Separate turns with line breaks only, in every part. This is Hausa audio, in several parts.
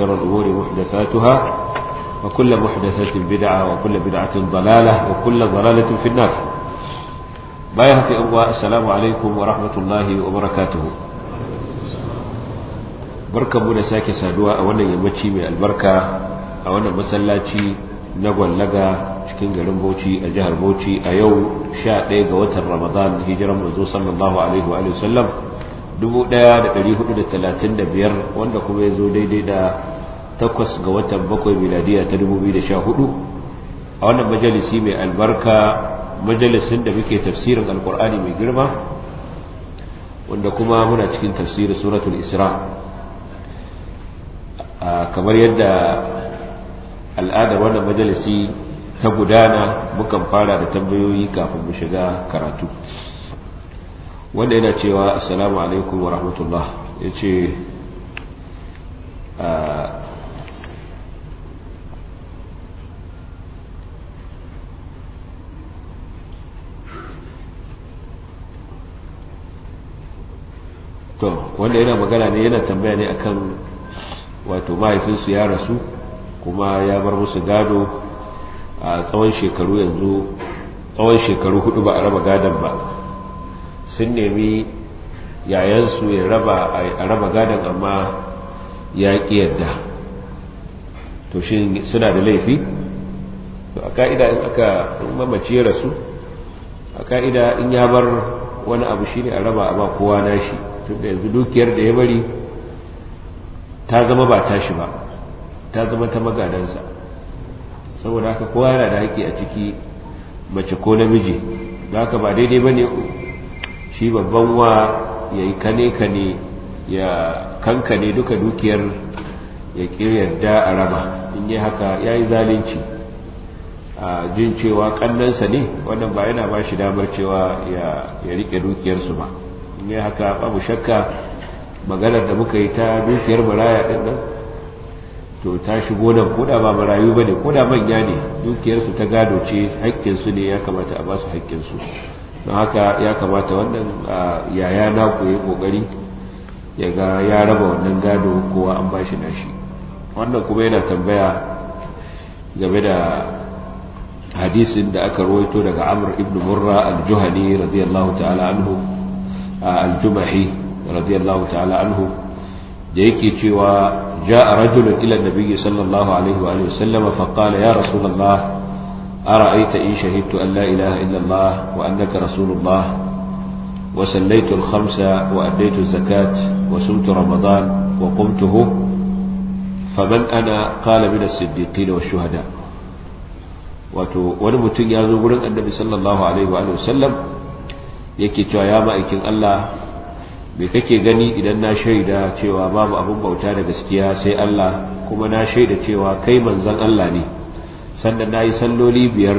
وشر الأمور محدثاتها وكل محدثة بدعة وكل بدعة ضلالة وكل ضلالة في النار السلام عليكم ورحمة الله وبركاته da sake saduwa a wannan yammaci mai albarka a wannan masallaci na gwallaga cikin garin Bauchi a jihar Bauchi a yau 11 ga watan Ramadan hijiran manzo sallallahu wa 1435 wanda kuma ya zo daidai da takwas ga watan bakwai miladiya ta 2014 a wannan majalisi mai albarka majalisin da muke tafsirin alkur'ani mai girma wanda kuma muna cikin tafsirin suratul isra kamar yadda al'adar wannan majalisi ta gudana mukan fara da tambayoyi kafin mu shiga karatu wanda yana cewa assalamu alaikum wa rahmatullah ya ce ah, to wanda yana magana ne yana tambaya ne akan wato mahaifinsu ya rasu kuma ya bar musu gado a tsawon shekaru yanzu tsawon shekaru hudu ba a raba gadon ba sun nemi yayansu ya raba a raba gadon amma ya ƙi yadda to shi suna da laifi to a ka'ida in aka mamaci ya rasu a ka'ida in ya bar wani abu shi ne a raba a ba kowa nashi tun da yanzu dukiyar da ya bari ta zama ba tashi ba ta zama ta magadansa saboda haka kowa yana da haƙƙi a ciki mace ko namiji za ka ba daidai ba ne shi babban wa ya yi kane-kane ya kankane duka dukiyar ya yadda a raba in yi haka ya yi zalunci a jin cewa kannansa ne wannan ba yana ba shi damar cewa ya rike dukiyarsu ba in yi haka babu shakka maganar da muka yi ta dukiyar maraya ɗin nan to ta shigo nan kuda ba marayu ba ne kuda manya ne dukiyarsu ta gado ce haƙƙinsu ne ya kamata a ba su haƙƙinsu don haka ya kamata wannan yaya na koyi kokari ya ga ya raba wannan gado kowa an bashi shi wannan kuma yana tambaya game da hadisin da aka rawaito daga amr ibn murra al-juhani radiyallahu ta'ala anhu al radiyallahu ta'ala anhu da yake cewa ja'a rajulun ila nabiyyi sallallahu alaihi wa sallama fa qala ya rasulullah أرأيت إن شهدت أن لا إله إلا الله وأنك رسول الله وسليت الخمسة وأديت الزكاة وسمت رمضان وقمته فمن أنا قال من الصديقين والشهداء wato wani mutum ya zo wurin annabi sallallahu alaihi sallam yake cewa ya ma'aikin Allah me kake gani idan na shaida cewa babu abin bauta da gaskiya sai Allah kuma na shaida cewa kai manzon Allah ne sannan na yi salloli biyar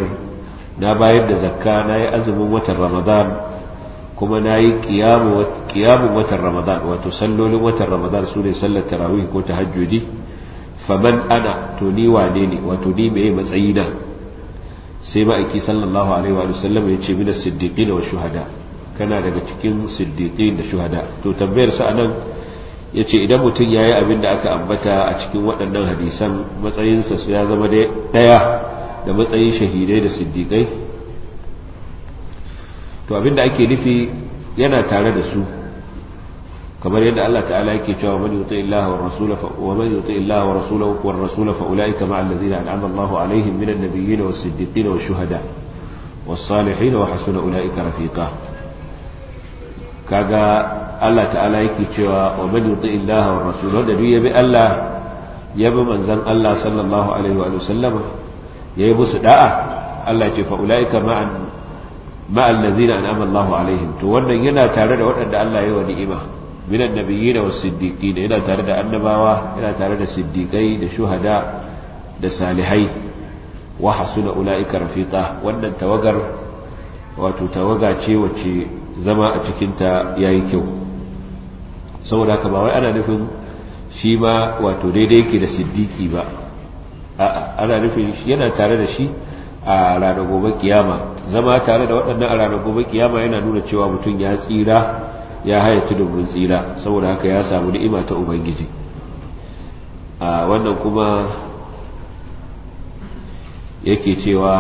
na bayar da zakka na yi azumin watan ramadan kuma na yi kiyamun watan ramadan wato sallolin watan ramadan su ne sallar tarawih ko ta hajjudi faman ana to ni wane ne wato ni mai matsayi na sai ma'aiki sallallahu alaihi wa sallam ya ce mina siddiqi da wa shuhada kana daga cikin siddiqi da shuhada to tambayar sa anan ya ce idan mutum ya yi abin da aka ambata a cikin waɗannan hadisan matsayinsa su ya zama ɗaya da matsayin shahidai da siddiƙai to abin da ake nufi yana tare da su
kamar yadda Allah ta'ala yake cewa man yuti illaha wa rasula fa wa man yuti illaha wa rasulahu wa rasula fa ulaika an'ama Allahu alaihim minan nabiyyin was
siddiqin was shuhada was salihin wa hasuna ulaika rafiqa kaga Allah ta'ala yake cewa wa man yuti illaha wa rasul wanda duk yabi Allah yabi manzon Allah sallallahu alaihi wa sallam yayi musu da'a Allah ya ce fa ulaika ma'an ma'al ladzina an'ama Allahu alaihim to wannan yana tare da waɗanda Allah ya wa ni'ima minan nabiyyin was siddiqin yana tare da annabawa yana tare da siddiqai da shuhada da salihai wa hasuna ulaika rafiqa wannan tawagar wato tawaga ce wacce zama a cikinta ya yi kyau saboda haka ba wai ana nufin shi ma wato daidai yake da siddiki ba a'a ana nufin yana tare da shi a ranar gobe kiyama zama tare da waɗannan a ranar gobe kiyama yana nuna cewa mutum ya tsira ya haya tudun tsira saboda haka ya samu ni'ima ta ubangiji a wannan kuma yake cewa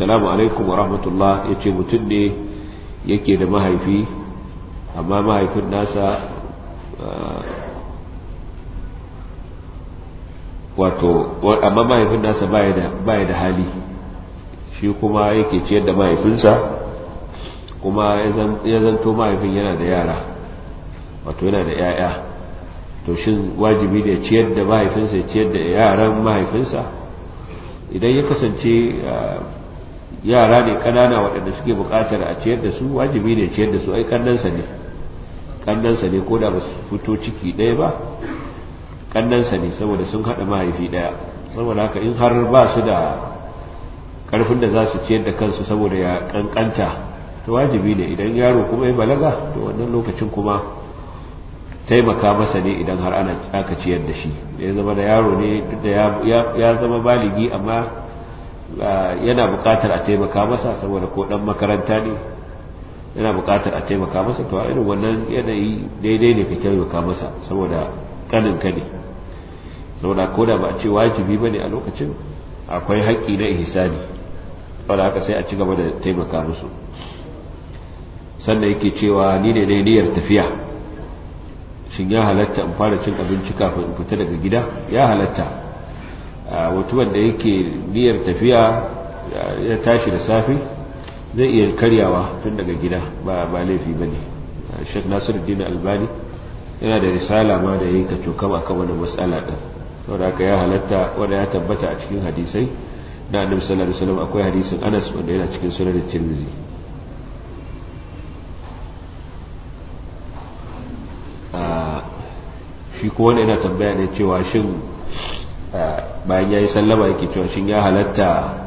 salamu alaikum wa rahmatullah ya ce mutum ne yake da mahaifi amma mahaifin nasa uh, wato amma mahaifin nasa baya da hali shi kuma yake ciyar da mahaifinsa kuma ya zanto mahaifin yana da yara wato yana da 'ya'ya to shi wajibi da ciyar da mahaifinsa ciyar da yaran mahaifinsa idan ya kasance uh, yara ne kanana waɗanda suke buƙatar a ciyar da su wajibi ne ciyar da su aikannansa ne kannansa ne ko da ba fito ciki ɗaya ba kannansa ne saboda sun haɗa mahaifi ɗaya saboda haka in har ba su da ƙarfin da za su ciyar da kansu saboda ya ƙanƙanta ta wajibi ne idan yaro kuma ya balaga to wannan lokacin kuma taimaka masa ne idan har ana aka ciyar da shi ya zama da yaro ne duk da ya zama baligi amma ah, yana buƙatar a taimaka masa saboda ko ɗan makaranta ne yana bukatar a taimaka masa to irin wannan yanayi daidai ne ka taimaka masa saboda kanin ka ne saboda ko da ba a ce wajibi ba ne a lokacin akwai haƙƙi na ihsani wanda haka sai a ci gaba da taimaka musu sannan yake cewa ni ne na niyyar tafiya shin ya halatta in fara cin abinci kafin fita daga gida ya halatta wato wanda yake niyyar tafiya ya tashi da safe zai iya karyawa tun daga gida ba ba laifi bane Nasiru ah, Nasiruddin Albani yana da risala ma da ya yi yake cokam akan matsala mas'ala din da aka ya halatta wanda ya tabbata a cikin hadisai da Annabi sallallahu alaihi akwai hadisin Anas wanda yana cikin sunan Tirmidhi ah, shi ko wanda yana tambaya ne cewa shin ah, bayan ya yi sallama yake cewa shin ya halatta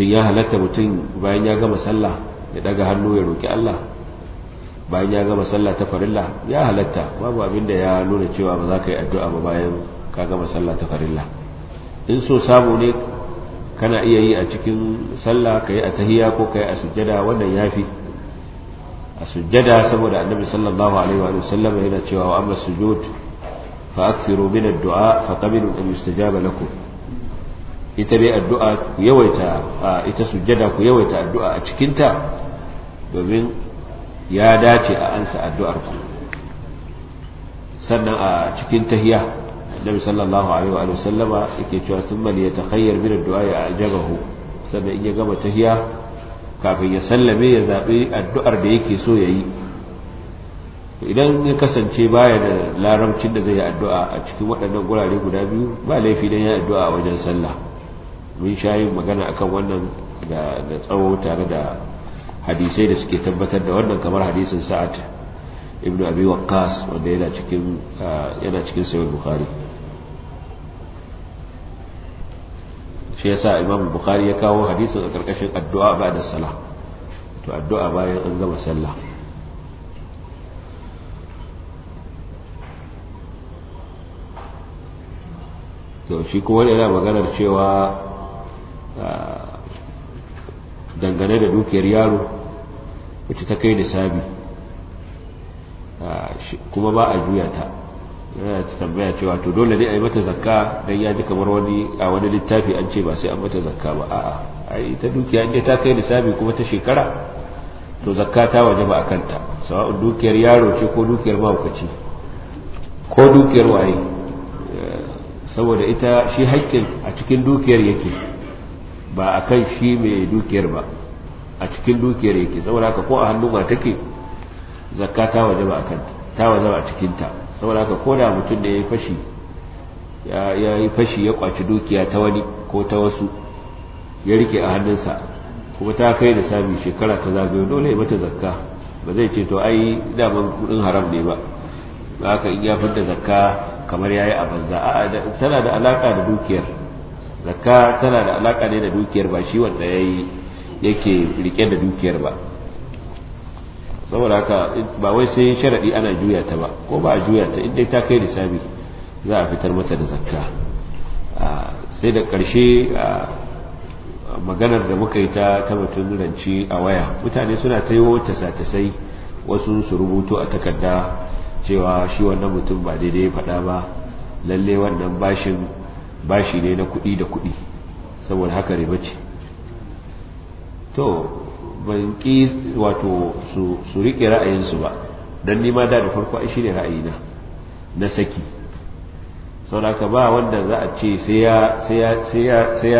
shin ya halatta mutum bayan ya gama sallah ya daga hannu ya roƙi Allah bayan ya gama sallah ta farilla ya halatta babu abin da ya nuna cewa ba za ka yi addu'a ba bayan ka gama sallah ta farilla in so samu ne kana iya yi a cikin sallah ka yi a tahiya ko ka yi a sujjada wannan yafi a sujjada saboda annabi sallallahu alaihi wa sallam yana cewa wa amma sujud fa aksiru min addu'a fa qabilu an yustajaba lakum ita dai addu'a ku yawaita ita sujjada ku yawaita addu'a a cikinta domin ya dace a ansa addu'ar ku sannan a cikin tahiya annabi sallallahu alaihi wa sallama yake cewa summa li yatakhayyar min addu'a ya ajabahu sannan in ya gama tahiya kafin ya sallame ya zabi addu'ar da yake so yayi idan ya kasance baya da larabcin da zai yi addu'a a cikin waɗannan gurare guda biyu ba laifi dan ya addu'a wajen sallah mun sha yin magana akan wannan da tsawo tare da hadisai da suke tabbatar da wannan kamar hadisin sa'ad ibnu abi waqqas wanda yana cikin yana cikin sahih bukhari shi yasa imam bukhari ya kawo hadisin a karkashin addu'a ba da sala to addu'a bayan an gama sallah to shi kuma yana maganar cewa Ah, dangane da dukiyar yaro wacce ta kai nisabi ah, kuma ba a juya ta yana ta tambaya cewa to dole ne a yi mata zakka don ya ji kamar wani a wani littafi an ce ba sai an mata zakka ba a'a a yi ta dukiya ne ta kai nisabi kuma ta shekara to zakka ta waje ba a kanta sawa'un dukiyar yaro ce ko dukiyar mahaukaci ko dukiyar waye eh, saboda ita shi haƙƙin a cikin dukiyar yake ba a kan shi mai dukiyar ba a cikin dukiyar yake saboda haka ko a hannu ba take zakka ta waje ba a kan ta waje ba a cikinta saboda haka ko da mutum da ya yi fashi ya yi fashi ya kwaci dukiya ta wani ko ta wasu ya rike a hannunsa kuma ta kai da sami shekara ta zagayo dole mata zakka ba zai ce to ai daman kudin haram ne ba haka in ya fadda zakka kamar yayi a banza a'a tana da alaka da dukiyar zakka tana da alaka ne da dukiyar ba shi wanda yayi yake rike da dukiyar ba saboda haka ba wai sai sharaɗi ana juya ta ba ko ba a juya ta idan ta kai lissafi za a fitar mata da zakka sai da ƙarshe maganar da muka yi ta ta mutum ranci a waya mutane suna ta yi wata wasu su rubuto a takarda cewa shi wannan mutum ba daidai faɗa ba lalle wannan bashin bashi ne na kuɗi da kuɗi saboda haka riba ce to ban ƙi wato su rike ra'ayinsu ba don nima da da farko ai shi ne ra'ayina na saki saboda ka ba wanda za a ce sai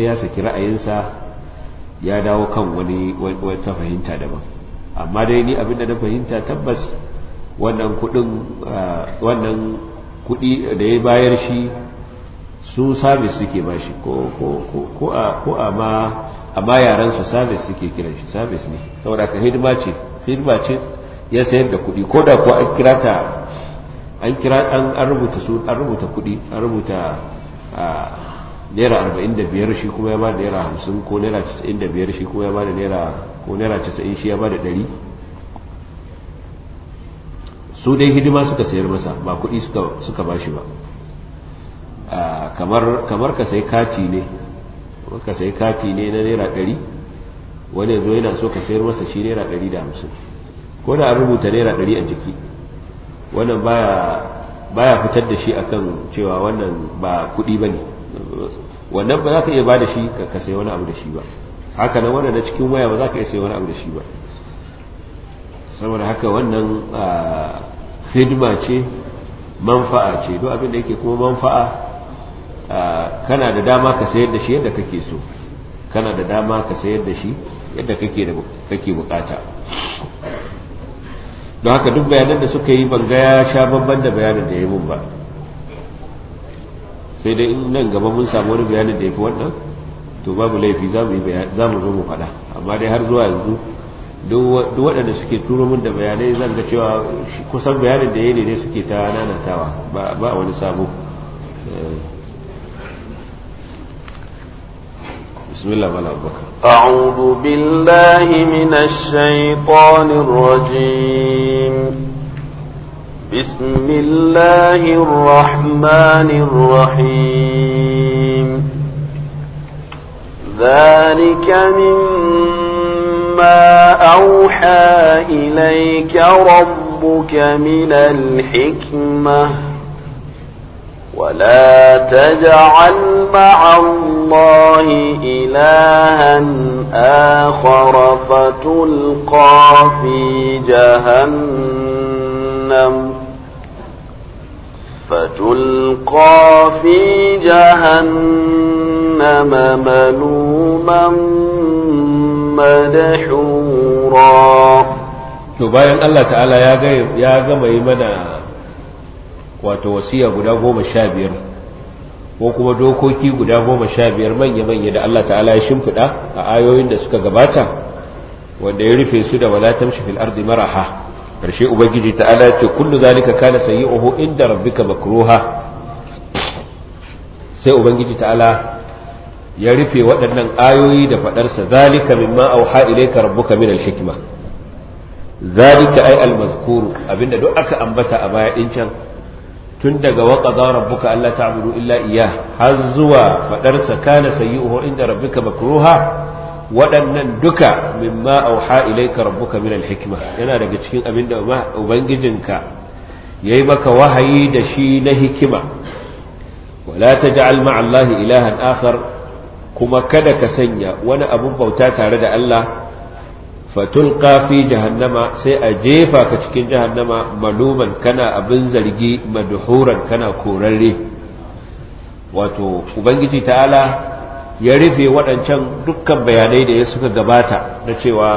ya saki ra'ayinsa ya dawo kan wani wata fahimta daban amma dai ni abinda na fahimta tabbas wannan kudin ah, wannan kudi da ya bayar shi su sabis suke ba shi ko a ma amma yaran su sabis suke kiran shi sabis ne saboda ka hidima ce hidima ce ya sayar da kuɗi ko da ko an kira ta an kira an rubuta su an rubuta kuɗi an rubuta naira arba'in da biyar shi kuma ya ba da naira hamsin ko naira casa'in da biyar shi kuma ya ba da naira ko naira casa'in shi ya ba da ɗari su dai hidima suka sayar masa ba kuɗi suka ba shi ba kamar ka sai kati ne ka sai kati ne na naira ɗari wani yanzu yana so ka sayar masa shi naira ɗari da hamsin ko da an rubuta naira ɗari a jiki wannan baya fitar da shi akan cewa wannan ba kuɗi ba ne wannan ba za ka iya ba da shi ka sai wani abu da shi ba haka nan wannan na cikin waya ba za ka iya sai wani abu da shi ba saboda haka wannan hidima ce manfa'a ce duk abin da yake kuma manfa'a kana da dama ka sayar da shi yadda kake so kana da dama ka sayar da shi yadda kake da kake bukata don haka duk bayanan da suka yi ban ga ya sha babban da bayanan da ya mun ba sai dai in nan gaba mun samu wani bayanin da ya fi wannan to babu laifi za mu zo mu faɗa amma dai har zuwa yanzu duk waɗanda suke turo min da bayanai zan ga cewa kusan bayanin da ya ne suke ta nanatawa ba wani sabo eh. بسم الله ولا بكر
أعوذ بالله من الشيطان الرجيم بسم الله الرحمن الرحيم ذلك مما أوحى إليك ربك من الحكمة ولا تجعل مع الله إلها آخر فتلقى في جهنم فتلقى في جهنم ملوما
مدحورا to الله تعالى يا غير يا غير wato wasiya guda goma sha biyar ko kuma dokoki guda goma sha biyar manya-manya da Allah ta'ala ya shimfiɗa a ayoyin da suka gabata wanda ya rufe su da wala tamshi fil ardi maraha karshe ubangiji ta'ala ya ce kullu zalika kana sayyi'uhu inda rabbika makruha sai ubangiji ta'ala ya rufe waɗannan ayoyi da faɗarsa zalika mimma auha ilayka rabbuka min al-hikma zalika ay al-mazkur abinda duk aka ambata a baya din can tun daga waqada rabbuka alla ta'budu illa iya har zuwa fadar kana sayi uhu inda rabbika makruha waɗannan duka mimma auha ilaika rabbuka min alhikma yana daga cikin abin da ubangijinka
yayi maka wahayi da shi na hikima
wala taj'al ma'a allahi ilahan akhar kuma kada ka sanya wani abun bauta tare da Allah fatulqa fi jahannama sai a jefa ka cikin jahannama maluman kana abin zargi maduhuran kana korarre
wato ubangiji ta'ala
ya rufe waɗancan dukkan bayanai da ya suka gabata na cewa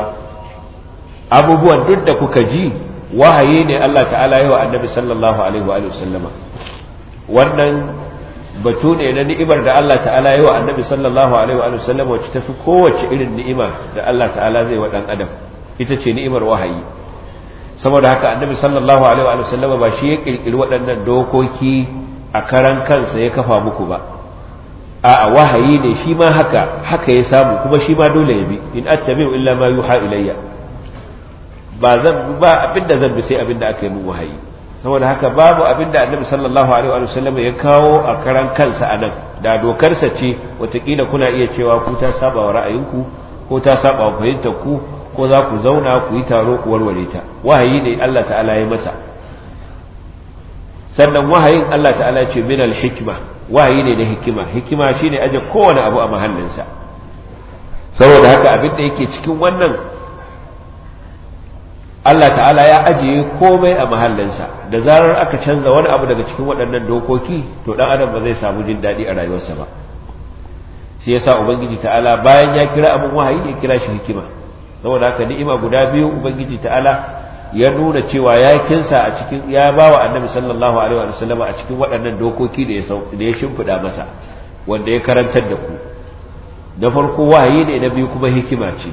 abubuwan duk da kuka ji wahayi ne Allah ta'ala yi wa annabi sallallahu alaihi wa sallama wannan batu ne na ni'imar da Allah ta'ala yi wa annabi sallallahu alaihi wa sallam wacce tafi kowace irin ni'ima da Allah ta'ala zai wa dan adam ita ce ni'imar wahayi saboda haka annabi sallallahu alaihi wa sallam ba shi ya kirkiri waɗannan dokoki a karan kansa ya kafa muku ba
a wahayi ne shi ma haka haka ya samu kuma shi ma dole ya bi in attabi'u illa ma
yuha ilayya ba zan ba abinda zan bi sai abinda aka yi min wahayi saboda haka babu abin da annabi sallallahu alaihi wa sallam ya kawo a karan kansa a nan da dokarsa ce watakila kuna iya cewa ku ta saba wa ra'ayinku ko ta saba wa fahimtar ku ko za ku zauna ku yi taro ku warware ta wahayi ne Allah ta'ala ya masa sannan wahayin Allah ta'ala ce min al-hikma wahayi ne da hikima hikima shine aje kowane abu a mahallinsa saboda haka abin da yake cikin wannan Allah ta'ala ya ajiye komai a mahallinsa da zarar aka canza wani abu daga cikin waɗannan dokoki to ɗan adam ba zai samu jin daɗi a rayuwarsa ba shi yasa ubangiji ta'ala bayan ya kira abin wahayi ya kira shi hikima saboda haka ni'ima guda biyu ubangiji ta'ala ya nuna cewa ya kinsa a cikin ya bawa annabi sallallahu alaihi wa sallama a cikin waɗannan dokoki da ya da ya shimfida masa wanda ya karantar da ku na farko wahayi ne na biyu kuma hikima ce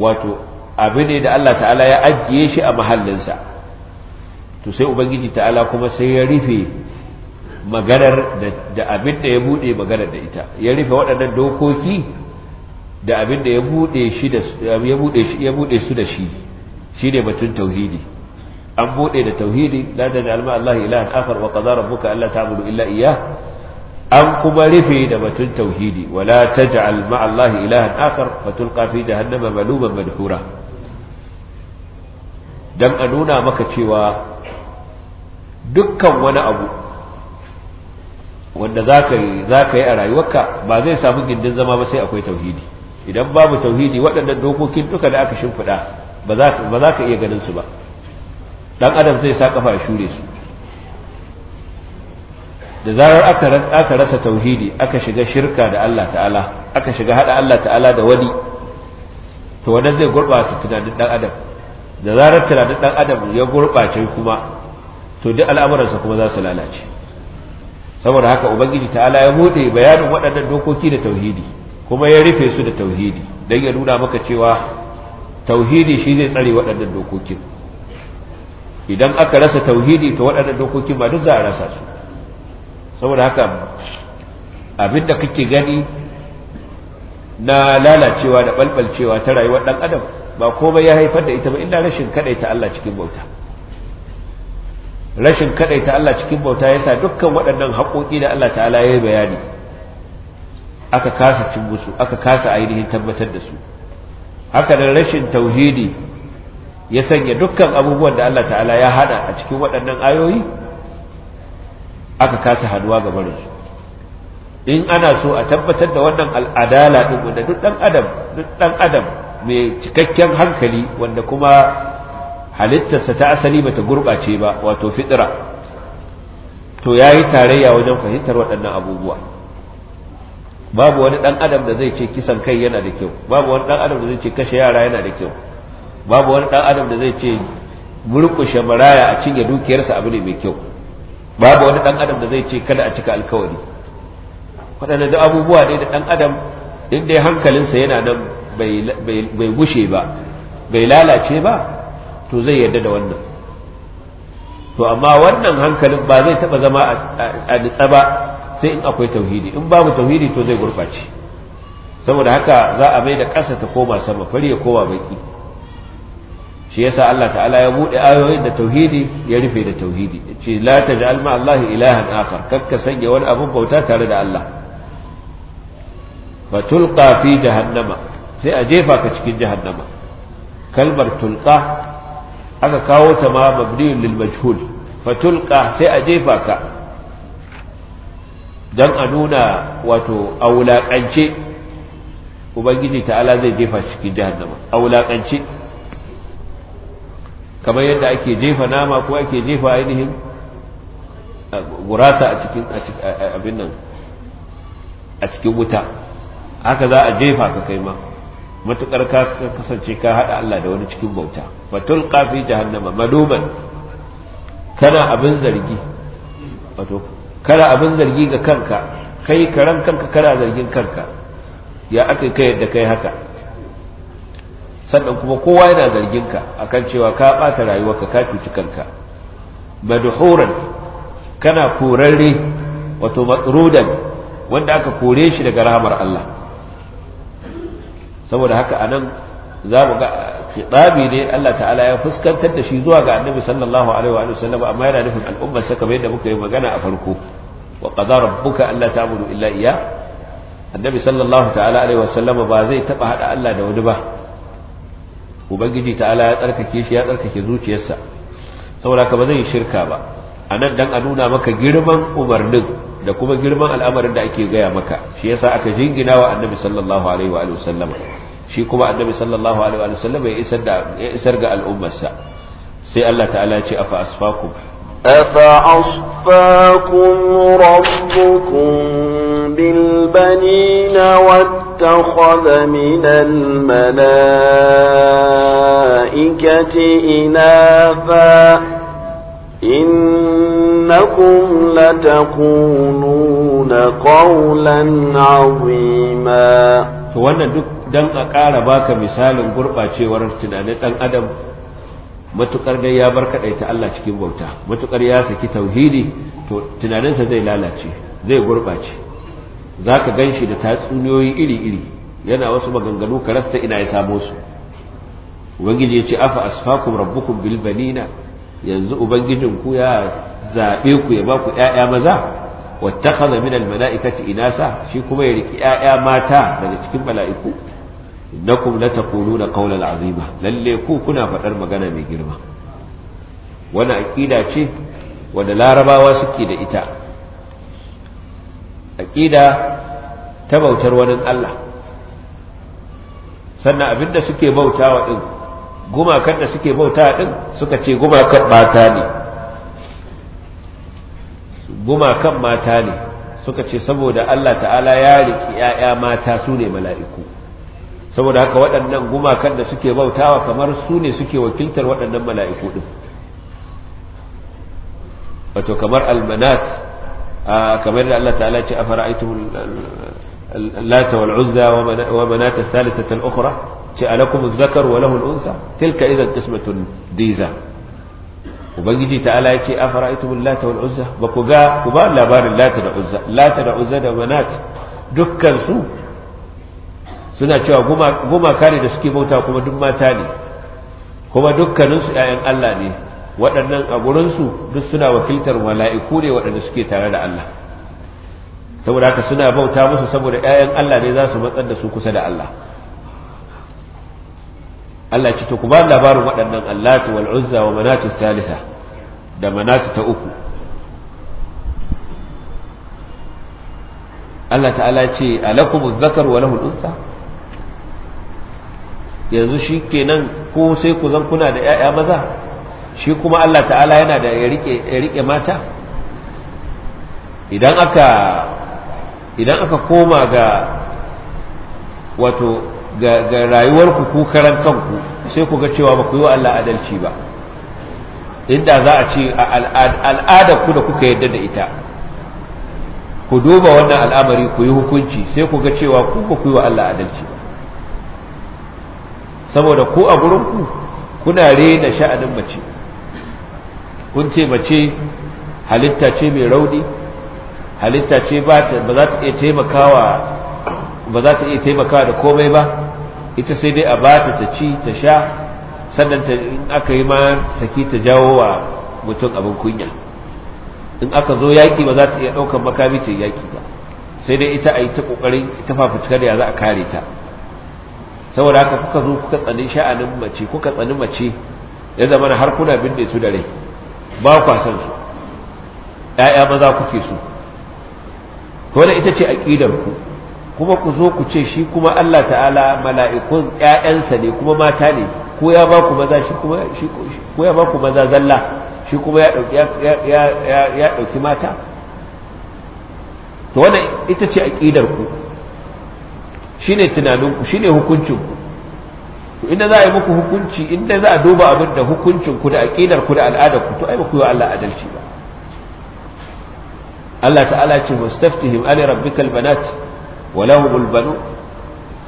wato abu ne da Allah ta'ala ya ajiye shi a mahallinsa to sai ubangiji ta'ala kuma sai ya rufe maganar da abin da ya bude maganar da ita ya rufe waɗannan dokoki da abin da ya bude shi da ya bude shi su da shi ne batun tauhidi an bude da tauhidi la taj'al ma Allah ilahan akhar wa qadara rabbuka alla ta'budu illa iyyah an kuma rufe da batun tauhidi wala taj'al ma Allah ilahan akhar fatulqa fi jahannama maluman madhura don a nuna maka cewa dukkan wani abu wanda za ka yi a rayuwarka ba zai samu gindin zama ba sai akwai tauhidi idan babu tauhidi waɗannan dokokin duka da aka shimfiɗa ba za ka iya ganin su ba ɗan adam zai sa kafa ya shure su da zarar aka rasa tauhidi aka shiga shirka da Allah ta'ala aka shiga haɗa Allah ta'ala da wani to wannan zai gurɓata tunanin ɗan adam da zarar tunanin ɗan adam ya gurɓace kuma to duk al'amuransa kuma za su lalace saboda haka ubangiji ta'ala ya buɗe bayanin waɗannan dokoki da tauhidi kuma ya rufe su da tauhidi don ya nuna maka cewa tauhidi shi zai tsare waɗannan dokokin idan aka rasa tauhidi to waɗannan dokokin ba duk za a rasa su saboda haka abinda kake gani na lalacewa da balbalcewa ta rayuwar ɗan adam ba komai ya haifar da ita ba inda rashin kadaita Allah cikin bauta rashin kadaita Allah cikin bauta yasa dukkan waɗannan haƙoƙi da Allah ta'ala ya yi bayani aka kasa cin musu aka kasa ainihin tabbatar da su haka da rashin tauhidi ya sanya dukkan abubuwan da Allah ta'ala ya hada a cikin waɗannan ayoyi aka kasa haduwa ga barinsu in ana so a tabbatar da wannan al'adala ɗin wanda duk ɗan adam duk ɗan adam mai cikakken hankali wanda kuma halittarsa ta asali bata gurɓace ba wato fitira to ya yi tarayya wajen fahimtar waɗannan abubuwa babu wani ɗan adam da zai ce kisan kai yana da kyau babu wani ɗan adam da zai ce kashe yara yana da kyau babu wani ɗan adam da zai ce murƙushe maraya a cinye dukiyarsa abu ne mai kyau babu wani ɗan adam da zai ce kada a cika alkawari waɗannan abubuwa ne da ɗan adam in dai hankalinsa yana nan bai gushe ba bai lalace ba to zai yarda da wannan to amma wannan hankalin ba zai taba zama a nitsa ba sai in akwai tauhidi in babu tauhidi to zai gurbace saboda haka za a mai da ƙasa ta koma sama fari ya koma baki shi yasa Allah ta'ala ya bude ayoyin da tauhidi ya rufe da tauhidi ce la taj'al ma Allah ilahan akhar kakka sanya wani abun bauta tare da Allah fa tulqa fi jahannama sai a jefa ka cikin jahannama kalmar tulqa aka kawo ta ma mabniyun lil majhul fa tulqa sai a jefa ka dan a nuna wato a ubangiji ta'ala zai jefa cikin jahannama a kamar yadda ake jefa nama ko ake jefa ainihin gurasa a cikin abin nan a cikin wuta haka za a jefa ka kai ma Matuƙar ka kasance ka haɗa Allah da wani cikin bauta fatul qafi jahannama maduman kana abin zargi wato kana abin zargi ga kanka kai karan kanka kana zargin kanka ya aka kai yadda kai haka sannan kuma kowa yana zargin ka akan cewa ka bata rayuwarka ka cuci kanka madhuran kana korarre wato matrudan wanda aka kore shi daga rahamar Allah saboda haka anan za mu ga khitabi ne Allah ta'ala ya fuskantar da shi zuwa ga annabi sallallahu alaihi wa sallam amma yana nufin al'ummar sa kamar yadda muka yi magana a farko wa qadara rabbuka alla ta'budu illa iyyah annabi sallallahu ta'ala alaihi wa sallam ba zai taba hada Allah da wani ba ubangiji ta'ala ya tsarkake shi ya tsarkake zuciyarsa saboda haka ba zai shirka ba anan dan a nuna maka girman umarnin da kuma girman al'amarin da ake gaya maka shi yasa aka jingina wa annabi sallallahu alaihi wa sallama shi kuma annabi sallallahu alaihi wa sallama ya isar da ya isar ga al'ummarsa sai Allah ta'ala ya ce afa asfakum
afa asfakum rabbukum bil banina wattakhadha min al malaikati inafa إنكم لتقولون
قولا عظيما to wannan duk dan a ƙara baka misalin gurɓacewar tunanin ɗan adam matuƙar dai ya bar kaɗaita Allah cikin bauta matuƙar ya saki tauhidi to tunaninsa zai lalace zai gurɓace za ka gan shi da tatsuniyoyi iri-iri yana wasu maganganu karasta ina ya samo su ubangiji ya ce afa asfakum rabbukum bil yanzu ubangijin ku ya zabe ku ya ba ku ƴaƴa maza wattakhadha min ina inasa shi kuma ya riki ƴaƴa mata daga cikin mala'iku innakum na qawlan azima lalle ku kuna faɗar magana mai girma Wani aqida ce wanda larabawa suke da ita aqida ta bautar wani Allah sannan abinda suke bautawa din gumakan da suke bauta din suka ce gumakan mata ne gumakan mata ne suka ce saboda Allah ta'ala ya riki ‘ya'ya mata su ne mala'iku saboda haka waɗannan gumakan da suke bautawa kamar su ne suke wakiltar waɗannan mala'iku ɗin wato kamar almanat kamar da Allah ta'ala ce a fara'aitun lata wal'uzza wa manata salisatan ukura ce alakum zakar wa lahu unsa tilka idan qismatun diza
ubangiji ta'ala yace afara'aytum lata wal uzza ba ku ga ku ba labarin lata da uzza lata da uzza
da manat dukkan su suna cewa gumaka ne da suke bauta kuma duk mata ne kuma dukkaninsu ‘ya'yan Allah ne waɗannan a gurinsu duk suna wakiltar mala'iku ne waɗanda suke tare da Allah saboda haka suna bauta musu saboda ‘ya'yan Allah ne za su matsar da su kusa da Allah Allah ce to ku ba labarin waɗannan allatu wal uzza wa manatu salisa da manatu ta uku Allah ta'ala ce alakum zakar wa lahu unsa yanzu shi kenan ko sai ku zan kuna da 'ya'ya maza shi kuma Allah ta'ala yana da ya rike mata idan aka idan aka koma ga wato ga rayuwarku ku karan kanku sai ku ga cewa ba ku yi wa Allah adalci ba inda za a ce al'adar ku da kuka yadda da ita ku duba wannan al'amari ku yi hukunci sai ku ga cewa ku ba ku yi wa Allah adalci ba
saboda ku a gurinku
kuna rena sha'anin mace
kun ce mace
halitta ce mai rauni halitta ce ba za ta iya taimakawa ba za ta iya taimakawa da komai ba ita sai dai a ba ta ci ta sha sannan ta in aka yi ma saki ta jawo wa mutum abin kunya in aka zo yaƙi ba za ta iya ɗaukar makami ta yaƙi ba sai dai ita a yi ta ƙoƙarin ta da ya za a kare ta saboda haka kuka zo kuka tsanin sha'anin mace kuka tsanin mace ya zama na har kuna binne su da rai ba kwa san su ‘ya'ya maza kuke su ko da ita ce aƙidar ku kuma ku zo ku ce shi kuma Allah ta'ala mala'ikun ‘ya'yansa ne kuma mata ne ko ya ba ku maza shi kuma ko ya ba ku maza zalla shi kuma ya ɗauki mata to wannan ita ce aƙidar ku shi ne tunaninku shi ne hukuncinku inda za a yi muku hukunci inda za a duba abin da hukuncinku da ku da al'adarku to ai ba ku yi wa Allah adalci ba Allah ta'ala ce mustaftihim ali rabbikal banat ولهم البنون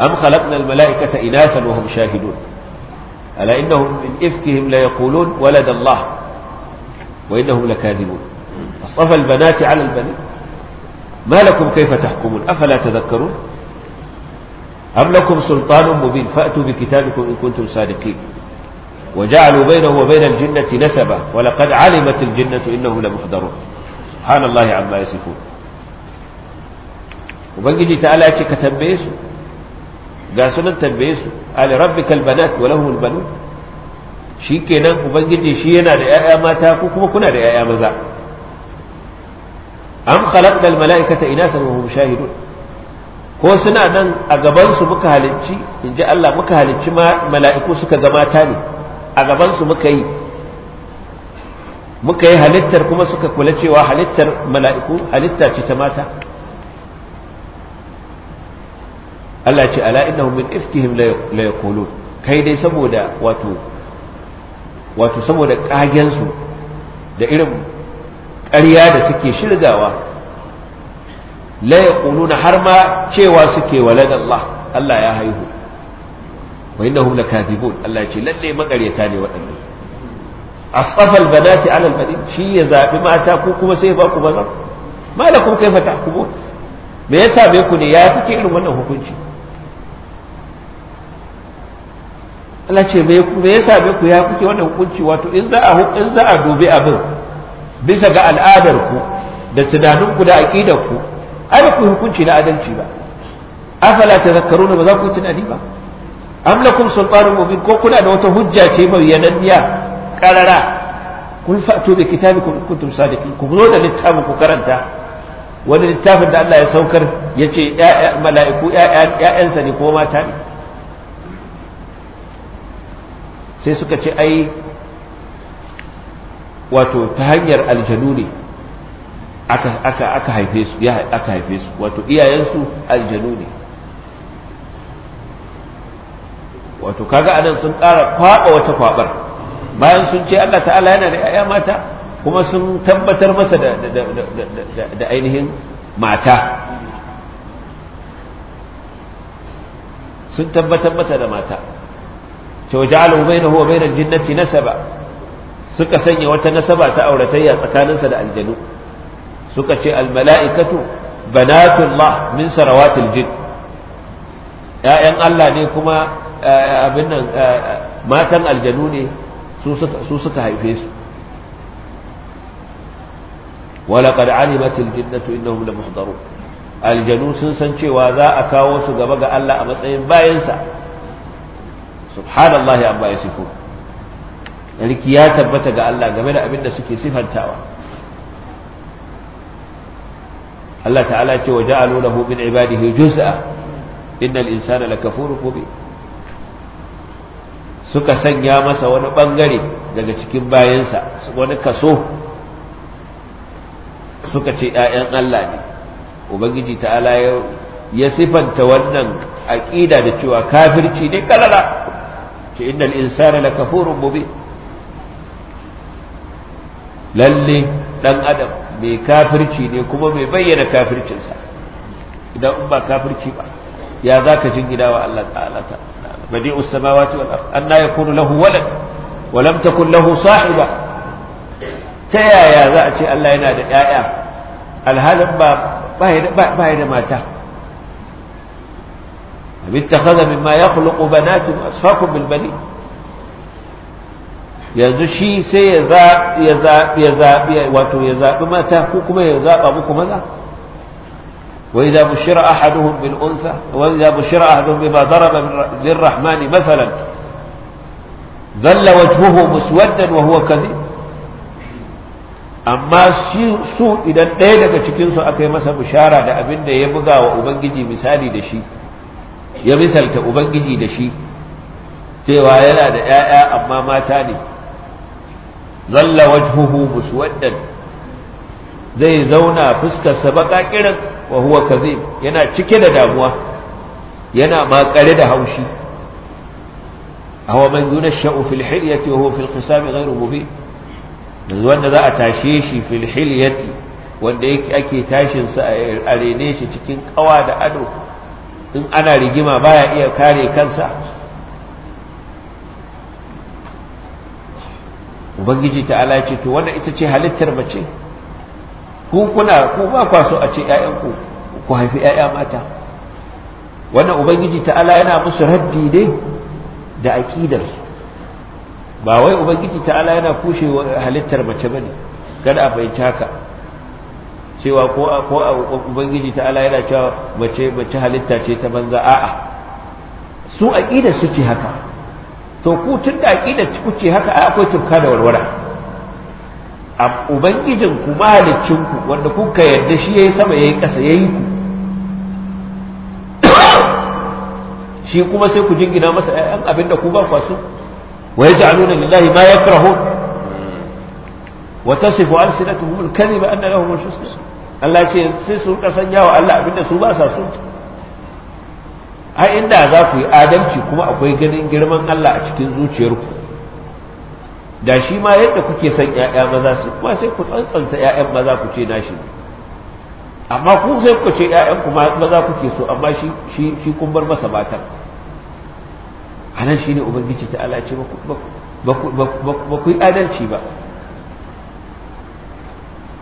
أم خلقنا الملائكة إناثا وهم شاهدون ألا إنهم من إفكهم ليقولون ولد الله وإنهم لكاذبون أصطفى البنات على البنين ما لكم كيف تحكمون أفلا تذكرون أم لكم سلطان مبين فأتوا بكتابكم إن كنتم صادقين وجعلوا بينه وبين الجنة نسبا ولقد علمت الجنة إنه لمحضرون سبحان الله عما يصفون ubangiji ta ala ce ka tambaye su ga sunan tambaye su ali rabbikal banat wa lahumul shi kenan ubangiji shi yana da yaya mata ko kuma kuna da yaya maza am khalaqna al mala'ikata inasa wa hum shahidun ko suna nan a gaban su muka halicci inji Allah muka halicci mala'iku suka ga mata ne a gaban su muka yi muka yi halittar kuma suka kula cewa halittar mala'iku halitta ce ta mata Allah ce ala innahum min ifkihim la yaqulun kai dai saboda wato wato saboda kagen su da irin ƙarya da suke shirgawa la yaquluna har ma cewa suke walad Allah Allah ya haihu wa innahum lakadibun Allah ce lalle makaryata ne waɗannan asfafa albanati ala albanin shi ya zabi mata ko kuma sai ba ku maza malakum kaifa tahkumun me yasa me ku ne ya fike irin wannan hukunci Allah ce me ya same ku ya kuke wannan hukunci wato in za a in za a dubi abin bisa ga al'adar ku da tunanin ku da aqidar ku ai ku hukunci na adalci ba afala na ba za ku yi tunani ba am lakum sultanun mubin ko kuna da wata hujja ce mai yananniya karara kun fato kitabikum kuntum sadiqin ku zo da littafin ku karanta wani littafin da Allah ya saukar yace mala'iku ƴaƴansa ne ko mata ne sai suka ce ai wato ta hanyar aljanu ne aka haife su wato iyayensu aljanu ne wato kaga anan sun ƙara kwaɓa wata kwaɓar bayan sun ce Allah ta'ala yana da 'ya'ya mata kuma sun tabbatar masa da ainihin mata sun tabbatar mata da mata ta waja'alu bainahu wa bainal jinnati nasaba suka sanya wata nasaba ta auratayya tsakaninsa da aljanu suka ce al mala'ikatu banatullah min sarawatil jin ‘ya'yan Allah ne kuma eh, abin nan eh, matan aljanu ne su suka su walaƙar alimatul jinnatu innahum la muhdaru aljanu sun san cewa za a kawo su gaba ga Allah a matsayin bayansa subhanallahi amma yasifun riki ya tabbata ga Allah game da abin da suke sifantawa Allah ta'ala ce wa ja'alu lahu min ibadihi juz'a innal insana lakafurun mubin suka sanya masa wani bangare daga cikin bayansa wani kaso suka ce ‘ya'yan Allah ne, Ubangiji ta'ala ya sifanta wannan aƙida da cewa kafirci ne kalala ce innal insana kafurun mubin lalle dan adam mai kafirci ne kuma mai bayyana kafircinsa idan ba kafirci ba ya za ka gida wa Allah ta'ala ta badi'us samawati wal ard anna yakunu lahu walad wa lam takun lahu sahiba ta yaya za a ce Allah yana da ƴaƴa alhalin ba ba da mata أم اتخذ مما يخلق بنات وأسفاكم بالبنين yanzu shi sai ya zaɓi wato ya zaɓi mata ko kuma ya zaɓa muku maza wa idza bushira ahaduhum bil unsa wa idza bushira ahaduhum bima daraba lir rahmani masalan dhalla wajhuhu muswaddan wa huwa kadhib amma su idan ɗaya daga cikin su aka yi masa bishara da abin da ya buga wa ubangiji misali da shi ya misalta ubangiji da shi cewa yana da ‘ya'ya amma mata ne zalla wajhuhu muswaddan zai zauna fuskarsa baka kiran wa huwa yana cike da damuwa yana makare da haushi awa man yunashsha'u fil hilyati wa huwa fil qisami ghayru mubin wanda za a tashe shi fil hilyati wanda ake tashin sa a rene shi cikin kawa da ado in ana rigima baya iya kare kansa ubangiji ta'ala alaci ce to wannan ita ce halittar mace ku kuna ku ba kwa so a ce ƴaƴanku ku haifi ƴaƴa mata wannan ubangiji ta'ala yana musu raddi ne da aqidar ba wai ubangiji ta'ala yana kushe halittar mace bane kada a fahimci haka cewa ko a ko a ubangiji ta ala yana cewa mace mace halitta ce ta banza a'a su aqida su ce haka to ku tun da aqida ku ce haka ai akwai tufka da warwara a ubangijin ku mahaliccin ku wanda kuka yarda shi yayi sama yayi kasa yayi ku shi kuma sai ku jingina masa ɗan abin da ku ba ku su wa yaj'aluna lillahi ma yakrahun hmm. wa tasifu alsinatuhum alkadhiba anna lahum husn Allah ce sai su rika sanya wa Allah abinda su ba sa so ai inda za ku yi adalci kuma akwai ganin girman Allah a cikin zuciyarku da shi ma yadda kuke son ƴaƴa maza su kuma sai ku tsantsanta ƴaƴan maza ku ce nashi amma ku sai ku ce ƴaƴan ku maza kuke so amma shi shi shi kun bar masa matan anan shine ubangiji ta Allah ce ba ku ba ku ba ku yi adalci ba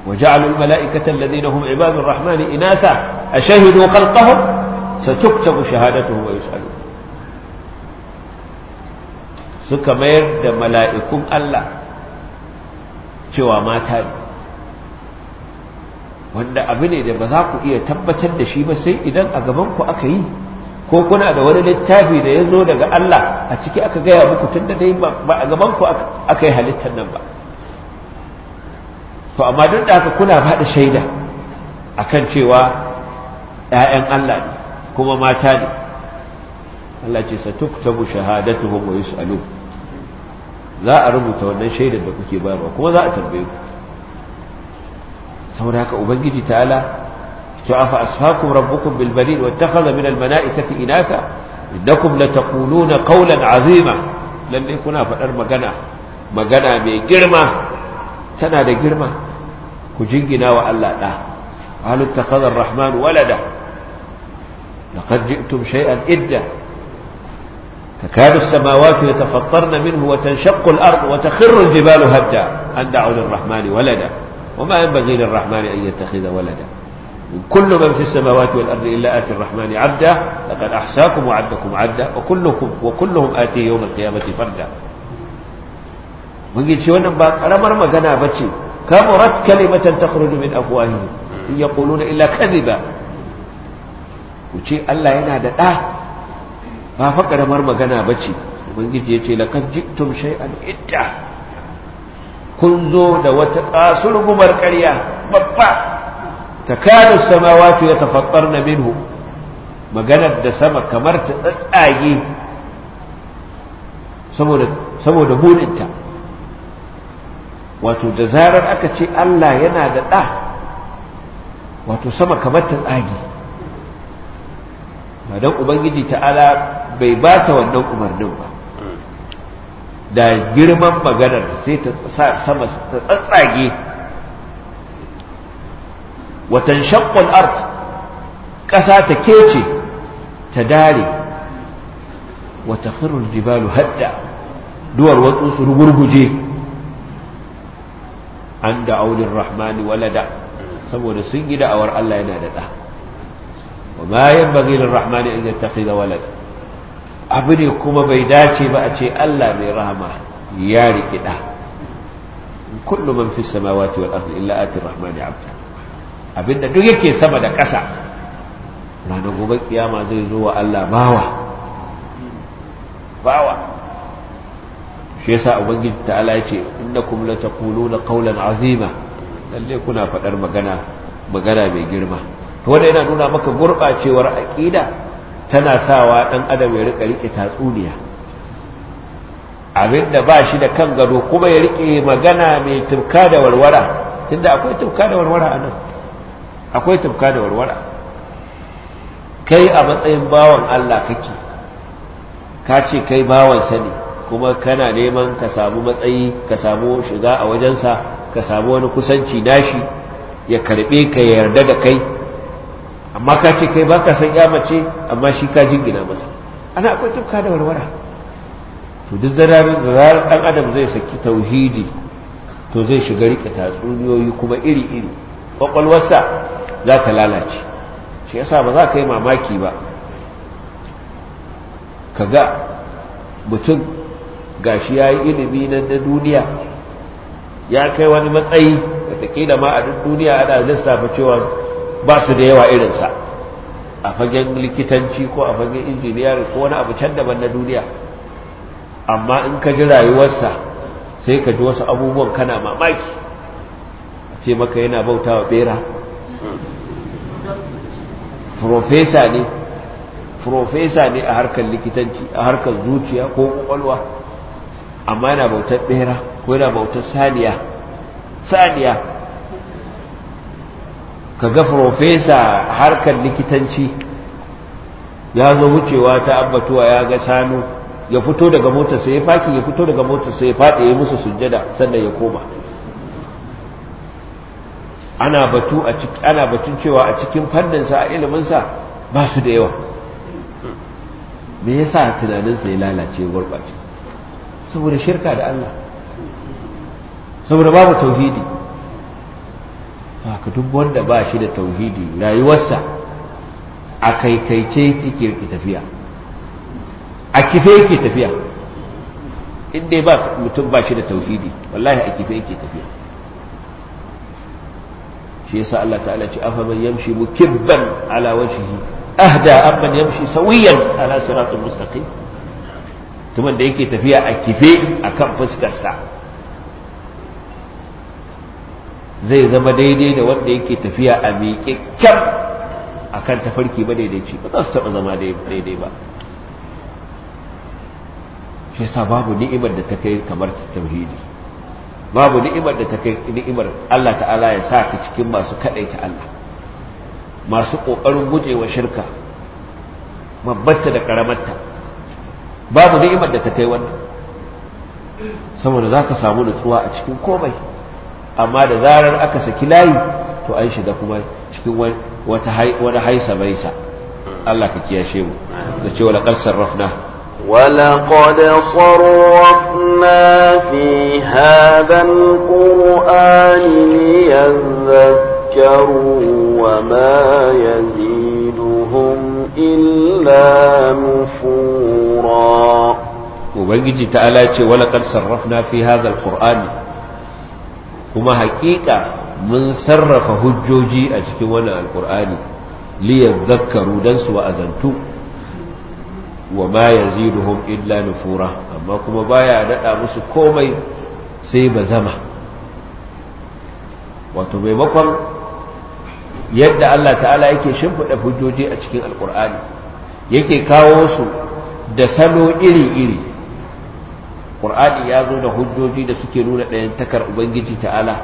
وجعلوا الملائكة الذين هم عباد الرحمن إناثا أشهدوا خلقهم ستكتب شهادتهم ويسألون suka mayar da mala'ikun Allah cewa mata ne wanda abu ne da ba za ku iya tabbatar da shi ba sai idan a gabanku aka yi ko kuna da wani littafi da ya zo daga Allah a ciki aka gaya muku tun da dai ba a gabanku aka yi halittar nan ba to amma duk da haka kuna faɗa shaida akan cewa ‘ya'yan Allah ne kuma mata ne Allah ce sa tuktabu shahadatuhum wa yus'alu za a rubuta wannan shaidar da kuke bayarwa kuma za a tambaye ku saboda haka ubangiji ta'ala to afa ashakum rabbukum bil barid wattakhadha min al mala'ikati inatha innakum lataquluna qawlan azima lalle kuna faɗar magana magana mai girma tana da girma كجينا وألا لا قالوا اتخذ الرحمن ولدا لقد جئتم شيئا إدا تكاد السماوات يتفطرن منه وتنشق الأرض وتخر الجبال هدا أن دعوا للرحمن ولدا وما ينبغي للرحمن أن يتخذ ولدا من كل من في السماوات والأرض إلا آتي الرحمن عبدا لقد أحساكم وعدكم عبدا وكلكم وكلهم آتي يوم القيامة فردا من يجي شو نبات أنا مرمى جنا kaburat kalimatan takhruju min ya in yaquluna illa kadhiba ku ce Allah yana da ɗa ba fa karamar magana ba bace ubangiji yace laqad jiktum shay'an idda kun zo da wata kasurgumar ƙarya babba takadu samawati na minhu maganar da sama kamar ta tsatsage saboda burinta wato da zarar aka ce Allah yana da ɗa wato sama kamar ta tsagi ba don ubangiji ta'ala bai ba ta wannan umarnin ba da girman maganar sai ta sama ta tsatsage watan shakkon art ƙasa ta kece ta dare wata firin jibalu hadda duwar watsu su rugurguje an da'awlir rahmani walada saboda sun yi da'awar Allah yana da da wa ma yanbaghi lir rahmani an da walada abu ne kuma bai dace ba a ce Allah mai rahama ya riki da kullu man sama wati wal ardi illa ati rahmani abda abinda duk yake sama da ƙasa ranar gobe kiyama zai zo wa Allah bawa bawa shi yasa ubangiji ta'ala ya ce innakum la taquluna qawlan azima lalle kuna faɗar magana magana mai girma to wanda yana nuna maka gurbacewar aqida tana sawa dan adam ya rika rike tatsuniya abinda ba shi da kan gado kuma ya rike magana mai tufka da warwara tunda akwai tufka da warwara a nan akwai tufka da warwara kai a matsayin bawan Allah kake
ka ce kai bawansa sani
kuma kana neman ka samu matsayi ka samu shiga a wajensa ka samu wani kusanci nashi ya karbe ka yarda da kai amma ka ce kai baka san ya mace amma shi ka jingina masa ana akwai tufka da warwara to duk zararin dan adam zai saki tauhidi to zai shiga rike tatsuniyoyi kuma iri iri kwakwalwarsa za ta lalace shi yasa ba za ka yi mamaki ba ka ga mutum gashi ya yi ilimi na duniya ya kai wani matsayi ta ma da duk duniya ana lissafa cewa ba su da yawa irinsa a fagen likitanci ko a fagen injiniyar ko wani abu can daban na duniya amma in ka ji rayuwarsa sai ka ji wasu abubuwan kana mamaki a ce maka yana bauta wa bera profesa ne a harkar likitanci a harkar zuciya ko kwakwalwa amma yana bautar bera ko yana bautar saniya saniya
ka ga profesa harkar
likitanci ya zo wucewa ta abbatuwa ya ga sanu ya fito daga motarsa ya faki ya fito daga motarsa ya faɗi ya musu sujjada sannan ya koma ana batu a cikin ana batun cewa a cikin fannin a ilimin sa ba su da yawa me yasa tunanin sai ya lalace gurbace saboda shirka da Allah saboda babu tauhidi haka duk wanda ba shi da tauhidi rayuwarsa a kaikaice take tafiya a kife yake tafiya in dai ba mutum ba shi da tauhidi wallahi a kife yake tafiya shi yasa Allah ta'ala ce afa man yamshi mukibban ala wajhihi ahda amman yamshi sawiyan ala siratin mustaqim mutumin da yake tafiya a kife a kan fuskarsa zai zama daidai da wanda yake tafiya a miƙe kyar a kan tafarki ba daidaici ba za su taɓa zama daidai ba shi yasa babu ni'imar da ta kai kamar tauhidi babu ni'imar da ta kai ni'imar Allah ta'ala ya sa ka cikin masu kaɗai ta Allah masu ƙoƙarin gujewa shirka babbarta da ƙaramarta babu ni'imar da ta kai wannan saboda za ka samu nutsuwa a cikin komai amma da zarar aka saki layi to an shiga kuma cikin wani haisa baisa Allah ka kiyashe mu da cewa laqad sarrafna
ولقد صرفنا في هذا القرآن ليذكروا وما يزيدهم إلا نفورا
ubangiji ta ala ce walakar sarrafna fi hazal qur'ani kuma haƙiƙa mun sarrafa hujjoji a cikin wannan alƙur'ani liyar zakkaru don su wa'azantu wa ma ya ziruhum illa nufura amma kuma baya daɗa musu komai sai ba zama wato maimakon yadda allah ta'ala yake shimfiɗa hujjoji a cikin alƙur'ani yake kawo su da salo iri-iri ƙur'ani ya zo da hujjoji da suke nuna ɗayan takar ubangiji ta'ala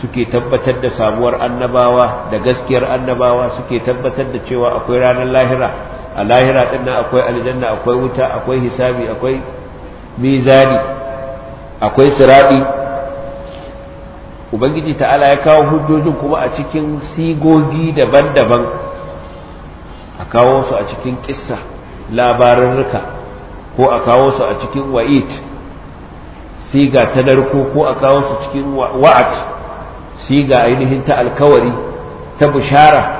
suke tabbatar da sabuwar annabawa da gaskiyar annabawa suke tabbatar da cewa akwai ranar lahira a lahira ɗin nan akwai aljanna akwai wuta akwai hisabi akwai mizani akwai siraɗi ubangiji ta'ala ya kawo hujjojin kuma a cikin sigogi daban-daban a kawo su a cikin ƙissa ruka, ko a kawo su a cikin wa'id siga ta narko ko a kawo su cikin wa'ad siga ainihin ta alkawari ta bishara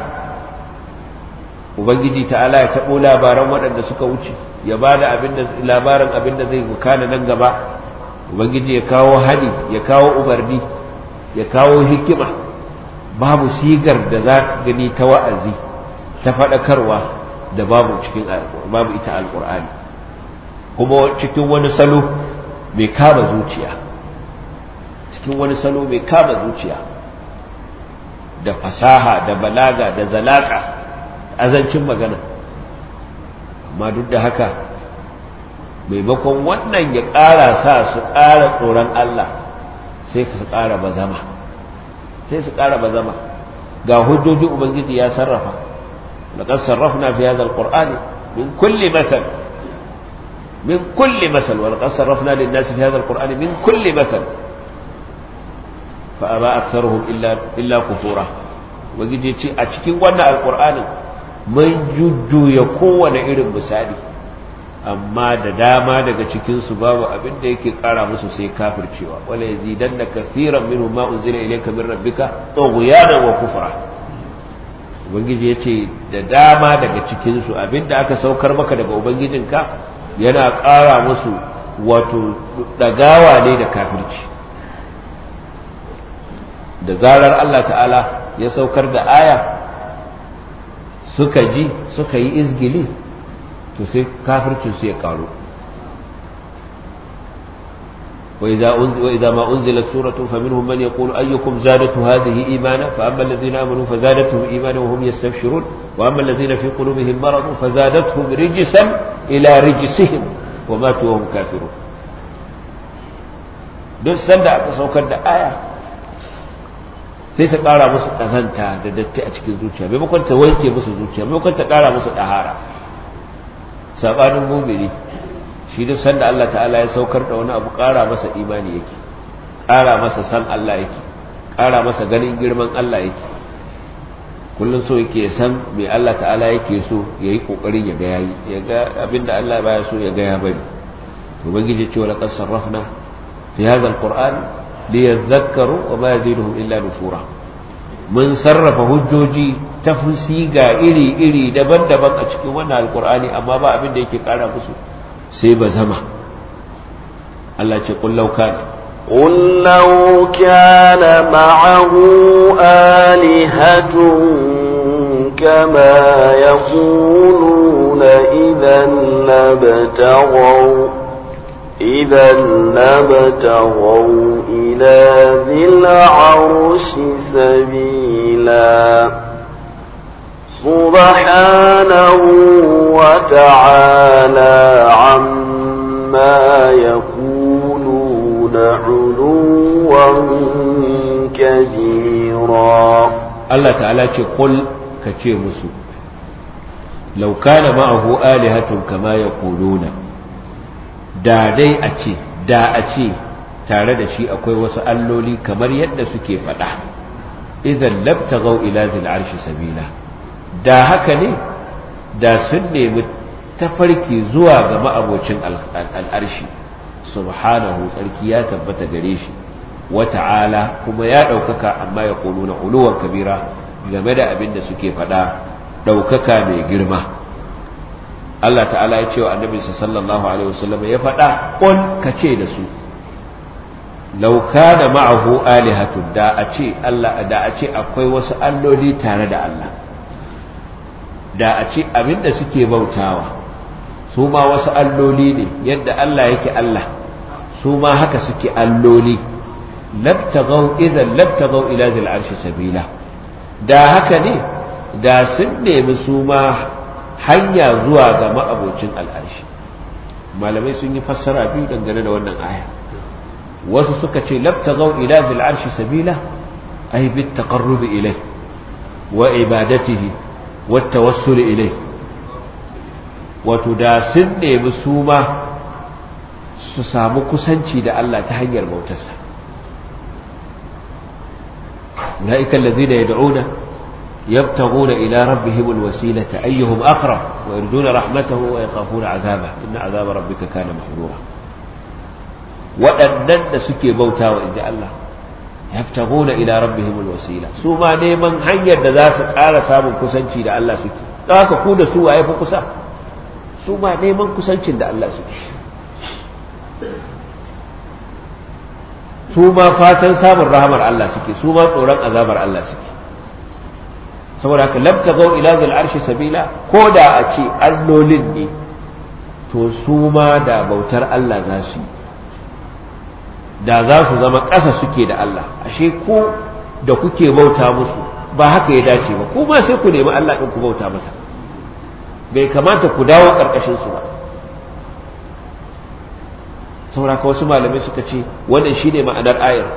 ubangiji ta'ala ya taɓo labaran waɗanda suka wuce ya ba da labarin abin da zai bukana nan gaba ubangiji ya kawo hali ya kawo ubarni ya kawo hikima babu sigar da za ka gani ta wa'azi ta faɗakarwa da babu cikin babu ita alqur'ani kuma cikin wani salo mai kama zuciya cikin wani salo mai kama zuciya da fasaha da balaga da zalaka azancin magana amma duk da haka maimakon wannan ya ƙara sa su ƙara tsoron Allah sai su ƙara bazama sai su ƙara bazama ga hujjoji ubangiji ya sarrafa لقد صرفنا في هذا القرآن من كل مثل من كل مثل ولقد صرفنا للناس في هذا القرآن من كل مثل فأبى أكثرهم إلا إلا كفورا وجدت أشكي ونا القرآن من جد يكون إلى المسالي أما دداما دك شكين سباب أبن ديك قال مسو سي كافر ولا يزيدن كثيرا منه ما أنزل إليك من ربك طغيانا وكفرا ubangiji ya ce da dama daga cikinsu abinda aka saukar maka daga ubangijinka yana ƙara musu wato ɗagawa ne da kafirci da zarar Allah ta'ala ya saukar da aya suka ji suka yi izgili to sai kafircinsu ya ƙaru وإذا, أنزل وإذا ما أنزلت سورة فمنهم من يقول أيكم زادته هذه إيمانا فأما الذين آمنوا فزادتهم إيمانا وهم يستبشرون وأما الذين في قلوبهم مرض فزادتهم رجسا إلى رجسهم وماتوا وهم كافرون دون سنة أتصوكا آية sai ta ƙara musu ƙazanta da datti a cikin zuciya maimakon ta wanke musu zuciya maimakon ta ƙara musu ɗahara saɓanin mumini shi duk sanda Allah ta'ala ya saukar da wani abu ƙara masa imani yake ƙara masa san Allah yake ƙara masa ganin girman Allah yake kullum so yake san mai Allah ta'ala yake so ya yi ƙoƙarin ya ga ya yi ya ga abin da Allah baya so ya ga ya bari ubangiji ce wala qad sarrafna fi hadha alquran liyadhakkaru wa ma yaziduhum illa nufura mun sarrafa hujjoji ta ga iri-iri daban-daban a cikin wannan alkur'ani amma ba abin da yake kara musu sai ba zama Allah ce kullau kana قل لو كان معه
آلهة كما يقولون إذا لابتغوا إذا لابتغوا إلى ذي العرش سبيلا سبحانه وتعالى عما يقولون علوا
كبيرا الله تعالى كثير كتير لو كان معه آلهة كما يقولون دادي أتي دا أتي تارد شيء أكوي وسألوا لي كمر يد سكي فتح إذا لابتغوا إلى ذي العرش سبيله da haka ne da sun nemi tafarki zuwa ga ma'abocin al'arshi subhanahu tsarki ya tabbata gare shi wa ta'ala kuma ya ɗaukaka amma ya ƙulu na ƙuluwar kabira game da abin da suke faɗa ɗaukaka mai girma Allah ta'ala ya ce wa annabinsa sallallahu alaihi wasallam ya faɗa ƙon ka ce da su lauka da ma'ahu alihatu da a ce akwai wasu alloli tare da Allah da a ce abinda suke bautawa su ma wasu alloli ne yadda Allah yake Allah su ma haka suke alloli labtagaw idan labtagaw ila zil arshi sabila da haka ne da sun nemi su ma hanya zuwa ga ma'abocin al'arshi malamai sun yi fassara biyu dangane da wannan aya wasu suka ce labtagaw ila zil arshi sabila ay bit taqarrub ilai. wa ibadatihi wata wasu ilai wato da sun nemi su ma su samu kusanci da Allah ta hanyar bautarsa أولئك الذين يدعون يبتغون إلى ربهم الوسيلة أيهم أقرب ويرجون رحمته ويخافون عذابه إن عذاب ربك كان محظورا waɗannan da suke bauta wa Allah yaftaguna ila rabbihimul wasila su ma neman hanyar da za su ƙara samun kusanci da Allah suke don haka ku da su waye fi kusa su ma neman kusancin da Allah suke su ma fatan samun rahamar Allah suke su ma tsoron azabar Allah suke saboda haka labta gau ila zil arshi sabila ko da a ce allolin ne to su ma da bautar Allah za su yi da za su zama ƙasa suke da Allah ashe ko da kuke bauta musu ba haka ya dace ba ko ma sai ku nemi Allah ɗin ku bauta masa bai kamata ku dawo ƙarƙashin su ba sauraka wasu malamai suka ce wannan shine ma'anar ayar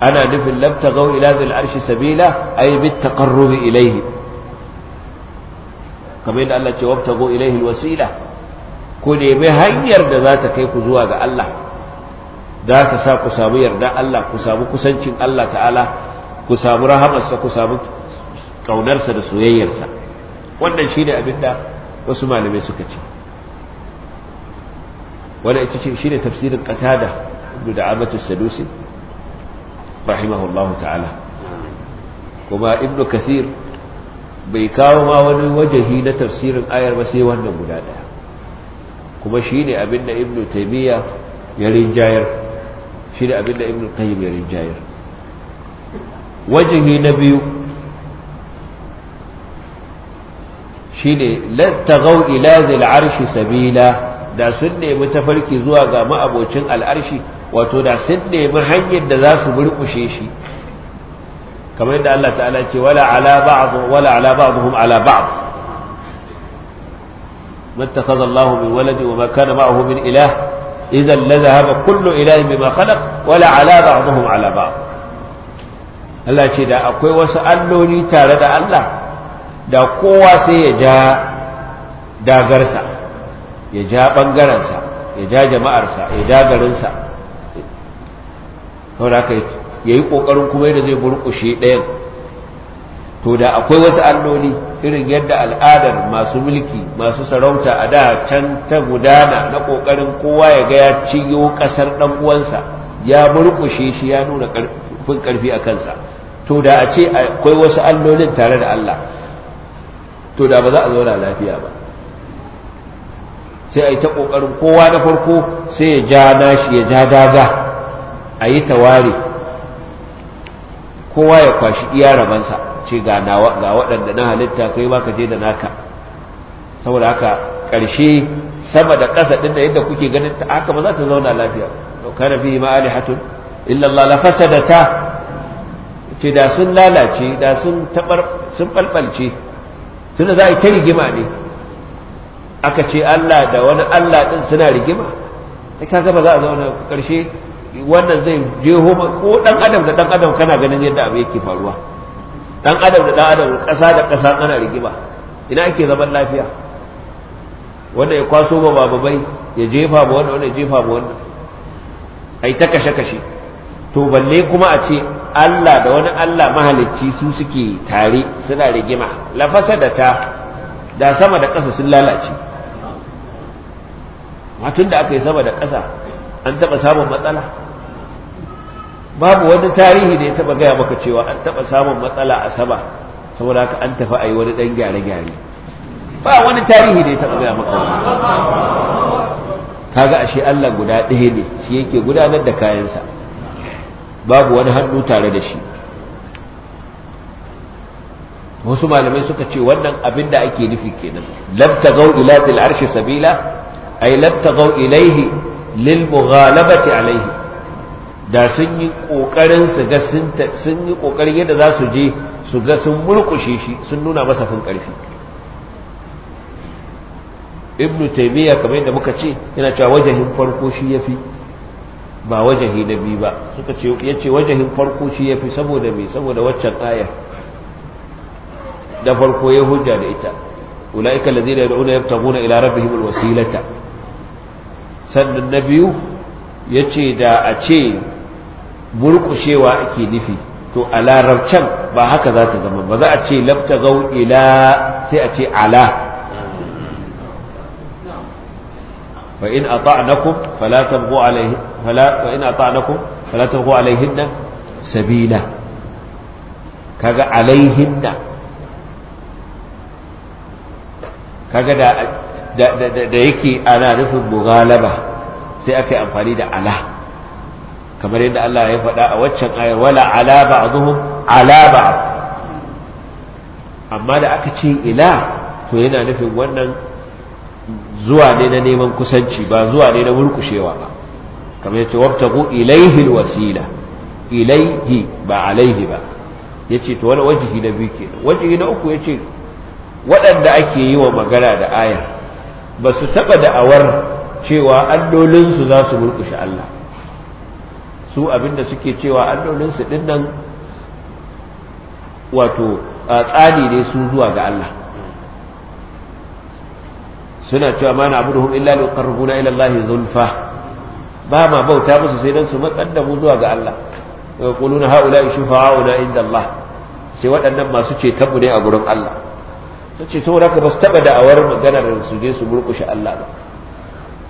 ana nufin labta gau ila zil arshi sabila ay bit taqarrubi ilayhi kamar yadda Allah ce wabtagu ilayhi wasila, ku nemi hanyar da za ta kai ku zuwa ga Allah za ta sa ku samu yarda Allah ku samu kusancin Allah ta'ala ku samu rahamarsa ku samu ƙaunarsa da soyayyarsa wannan shi ne abin da wasu malamai suka ce wani ita ce shi ne tafsirin ƙatada da amatu sadusi rahimahullahu ta'ala kuma ibnu kathir bai kawo ma wani wajahi na tafsirin ayar ba sai wannan guda ɗaya kuma shi ne abin da ibnu taimiyya ya rinjayar shi ne abinda ibn qayyim ya rinjayar wajihi na biyu shi ne lattagau ila zil arshi sabila da sun nemi tafarki zuwa ga ma'abocin al'arshi wato da sun nemi hanyar da za su burkushe shi kamar yadda Allah ta'ala ce wala ala ba'd wala ala ba'dhum ala ba'd ما اتخذ الله من ولد وما كان معه من إله idan la zahaba kullu ilahin bima khalaq wala ala ba'dhum ala ba'd Allah ce da akwai wasu alloni tare da Allah da kowa sai ya ja dagarsa ya ja bangaransa ya ja jama'arsa ya ja garinsa saboda haka yayi kuma yadda zai burƙushe ɗayan to da akwai wasu alloli irin yadda al'adar masu mulki masu sarauta a da can ta gudana na ƙoƙarin kowa ya ga ya ciyo ƙasar ɗan uwansa ya murƙushe shi ya nuna ƙarfin ƙarfi a kansa to da a ce akwai wasu allolin tare da Allah to da ba za a zauna lafiya ba sai a yi ta ƙoƙarin kowa na farko sai ya ja nashi ya ja daga a yi taware kowa ya kwashi iya rabansa ce ga waɗanda na halitta kai ma ka je da naka saboda haka ƙarshe sama da ƙasa ɗin da yadda kuke ganin ta haka ba za ta zauna lafiya to kana fi ma alihatun illa Allah la fasadata ce da sun lalace da sun tabar sun balbalce tunda za a yi ta rigima ne aka ce Allah da wani Allah ɗin suna rigima sai kaga ba za a zauna ƙarshe wannan zai je homa ko ɗan adam da ɗan adam kana ganin yadda abu yake faruwa dan adam da dan adam ƙasa da kasa ana rigima ina ake zaman lafiya wanda ya kwaso ba bababai ya jefa ba wanda wanda ya jefa ba wanda ai ta kashe kashe to balle kuma a ce Allah da wani Allah mahalicci su suke tare suna rigima la ta, da sama da ƙasa sun lalace matun da aka yi sama da ƙasa an taɓa samun matsala babu wani tarihi da ya taba gaya maka cewa an taba samun matsala a sama saboda haka an tafi a yi wani dan gyare-gyare ba wani tarihi da ya taba gaya maka wani kaga ashe Allah guda ɗaya ne shi yake gudanar da kayansa babu wani hannu tare da shi wasu malamai suka ce wannan abin da ake nufi kenan lam tagaw ila til arshi sabila ay lam tagaw ilaihi lil mughalabati alaihi da sun yi ƙoƙarin su ga sun yi ƙoƙarin yadda za su je su ga sun mulkushe shi sun nuna masa fin ƙarfi ibnu taimiyya kamar yadda muka ce yana cewa wajahin farko shi ya fi ba wajahi na biyu ba suka ce ya ce wajahin farko shi ya fi saboda mai saboda waccan aya da farko ya hujja da ita ula'ika lazina yad'una yabtaguna ila rabbihim alwasilata sannan na biyu ya da a ce burkushewa ake nufi to a larabcan ba haka za ta zama ba za a ce labta gau ila sai a ce ala fa in ata'nakum fala tabghu alayhi fala fa in ata'nakum fala tabghu alayhinna sabila kaga alayhinna kaga da da da yake ana nufin mughalaba sai aka yi amfani da ala kamar yadda Allah ya faɗa a waccan ayar wala ala ba'dhum ala ba'd amma da aka ce ila to yana nufin wannan zuwa ne na neman kusanci ba zuwa ne na murkushewa ba kamar yace wabtagu ilaihi alwasila ilaihi ba alaihi ba yace to wani wajihi na biyu kenan wajihi na uku yace waɗanda ake yi wa magana da ayar ba su taɓa da'awar cewa allolinsu za su murkushe Allah su abin da suke cewa allolinsu din nan wato tsani ne su zuwa ga Allah suna cewa ma abudu illa liqarrabuna ila Allah zulfa ba ma bauta musu sai dan su matsar da mu zuwa ga Allah yaquluna haula shufa'auna inda Allah sai waɗannan masu ce tabu ne a gurin Allah sace saboda ka ba su taba da'awar maganar su je su burkushe Allah ba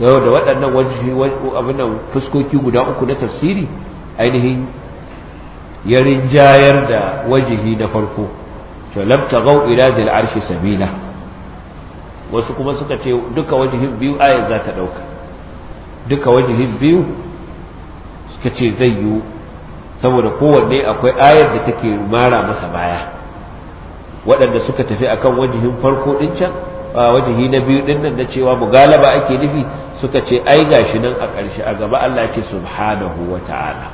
yau da waɗannan wajihi abinan fuskoki guda uku na tafsiri ainihin ya rinjayar da wajihi na farko to lam tagau ila zil arshi sabila wasu kuma suka ce duka wajihin biyu ayat za ta dauka duka wajihin biyu suka ce zai yi saboda kowanne akwai ayar da take mara masa baya waɗanda suka tafi akan wajihin farko ɗin can wajihi na biyu din nan da cewa mugalaba ake nufi suka ce ai gashi nan a ƙarshe a gaba Allah ya ce subhanahu wa ta'ala.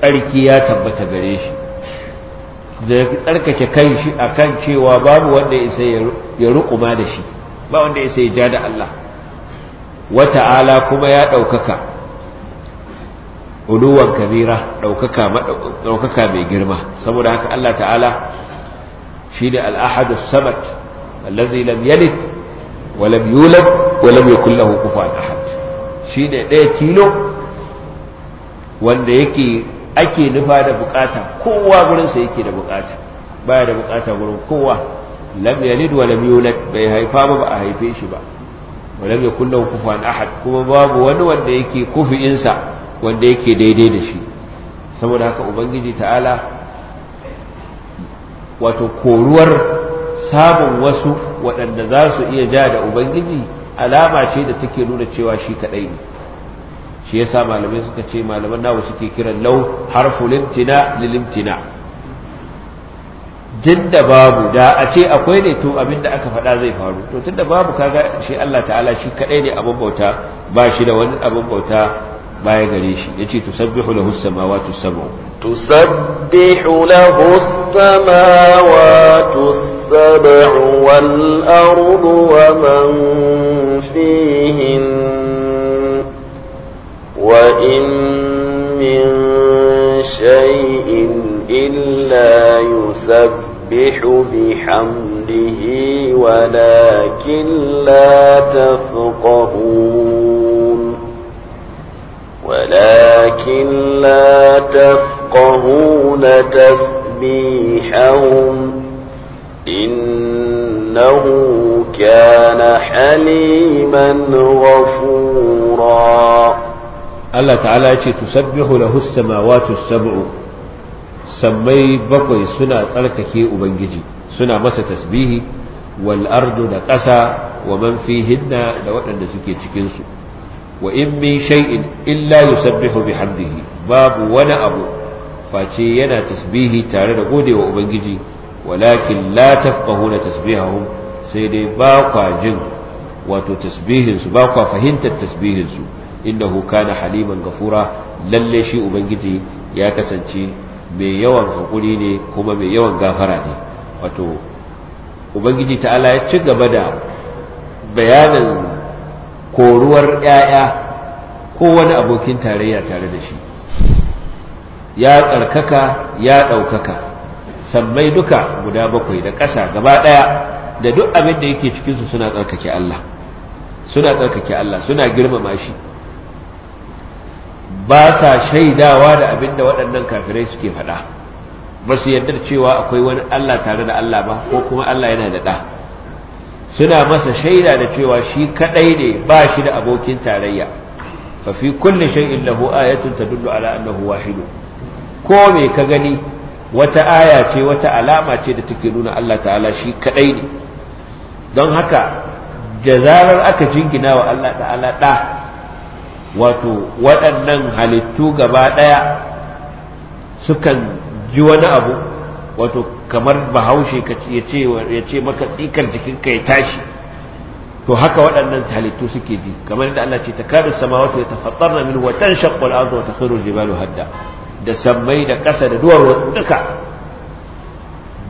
tsarki ya tabbata gare shi da ya tsarkake kanshi akan cewa babu wanda ya sai ya da shi ba wanda ya sai ya ja da Allah ta'ala kuma ya ɗaukaka uluwan kabira ɗaukaka mai girma saboda haka Allah ta'ala shi ne al'ahadus samad الذي لم يلد wa يولد ولم wa له كفوا احد kufuwan ahad shine ɗaya kilo wanda yake ake nufa da bukata kowa gurin sa yake da bukata baya da bukata gurin kowa lam yalid wa lam yulad bai haifa ba ba a haife shi ba wa lam yakul lahu kufuwan ahad kuma babu wani wanda yake kufi'insa wanda yake daidai da shi saboda haka ubangiji ta'ala wato koruwar samun wasu waɗanda za su iya ja da ubangiji alama ce da take nuna cewa shi kaɗai ne shi yasa malamai suka ce malaman nawa suke kiran lau harfu limtina lilimtina tun da babu da a ce akwai ne to abin da aka faɗa zai faru to tun da babu kaga shi Allah ta'ala shi kaɗai ne abin bauta ba shi da wani abin bauta baya gare shi yace tusabbihu lahu as-samawati sabu
tusabbihu lahu as-samawati sabu wal ardu wa man fihin wa in min shay'in illa yusabbihu bihamdihi بحمده ولكن لا تفقهون ولكن لا تفقهون تسبيحهم إنه كان حليما غفورا
الله تعالى تسبح له السماوات السبع سمي بقي سنة تركك أبنجي سنة مس تسبيه والأرض نقسى ومن فيهن لوأن سكي تكنسو wa in min shay'in illa yusabbihu bihamdihi babu wani abu face yana tasbihi tare da godewa ubangiji walakin la tafqahuna tasbihahum sai dai ba kwa jin wato tasbihin su ba kwa fahimtar tasbihin su innahu kana haliman gafura lalle shi ubangiji ya kasance mai yawan hakuri ne kuma mai yawan gafara ne wato ubangiji ta'ala ya ci gaba da bayanin koruwar ‘ya'ya ko wani abokin tarayya tare da shi ya tsarkaka ya ɗaukaka sammai duka guda bakwai da ƙasa gaba ɗaya da duk abin da yake cikinsu suna tsarkake Allah suna tsarkake Allah suna girmama shi ba sa shaidawa da abin da waɗannan kafirai suke faɗa ba su yarda cewa akwai wani Allah tare da Allah ba ko kuma Allah yana da ɗa suna masa shaida da cewa shi kadai ne ba shi da abokin tarayya fa fi kulli shay'in lahu ayatun tadullu ala annahu wahid ko me ka gani wata aya ce wata alama ce da take nuna Allah ta'ala shi kadai ne don haka da zarar aka jingina wa Allah ta'ala da wato waɗannan halittu gaba daya
sukan ji wani abu
wato kamar bahaushe ya ce maka tsikar jikinka ya tashi to haka waɗannan halittu suke ji kamar yadda Allah ce ta kada wato ya tafattarna min watan tanshaqqu al-ardu wa jibalu hadda da sammai da ƙasa da duwar duka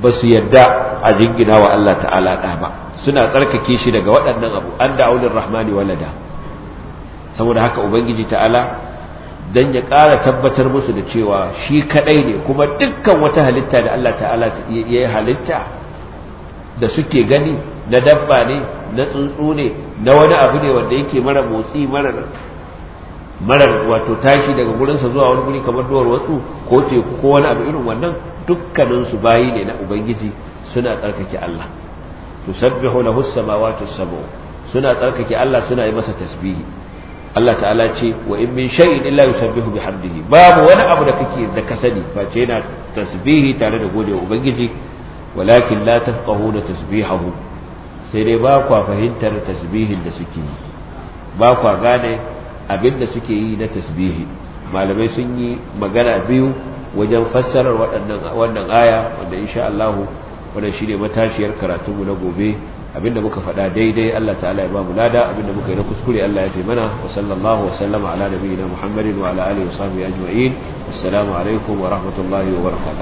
ba su yadda a jingina wa Allah ta'ala ɗa ba suna tsarkake shi daga waɗannan abu an da'u rahmani walada saboda haka ubangiji ta'ala don ya ƙara tabbatar musu da cewa shi kaɗai ne kuma dukkan wata halitta da Allah ta'ala ya yi halitta da suke gani na dabba ne na tsuntsu ne na wani abu ne wanda yake mara motsi marar wato tashi daga gurinsa zuwa wani guri kamar duwar wasu ko teku ko wani abu irin wannan dukkaninsu bayi ne na ubangiji suna tsarkake Allah tusabbihu lahu samawati sab'u suna tsarkake Allah suna yi masa tasbihi Allah ta'ala ce wa in min shay'in illa yusabbihu bihamdihi babu wani abu da kake da ka sani face yana tasbihi tare da godewa ubangiji walakin la da tasbihahu sai dai ba kwa fahimtar tasbihin da suke yi ba kwa gane abin da suke yi na tasbihi malamai sun yi magana biyu wajen fassarar waɗannan wannan aya wanda insha Allah wannan shine matashiyar karatunmu na gobe abinda muka faɗa daidai Allah ta'ala ya ba mu lada abinda muka yi na kuskure Allah ya fi mana wa sallallahu wa sallama ala nabiyina Muhammadin wa ala alihi wa sahbihi ajma'in assalamu alaikum wa rahmatullahi wa barakatuh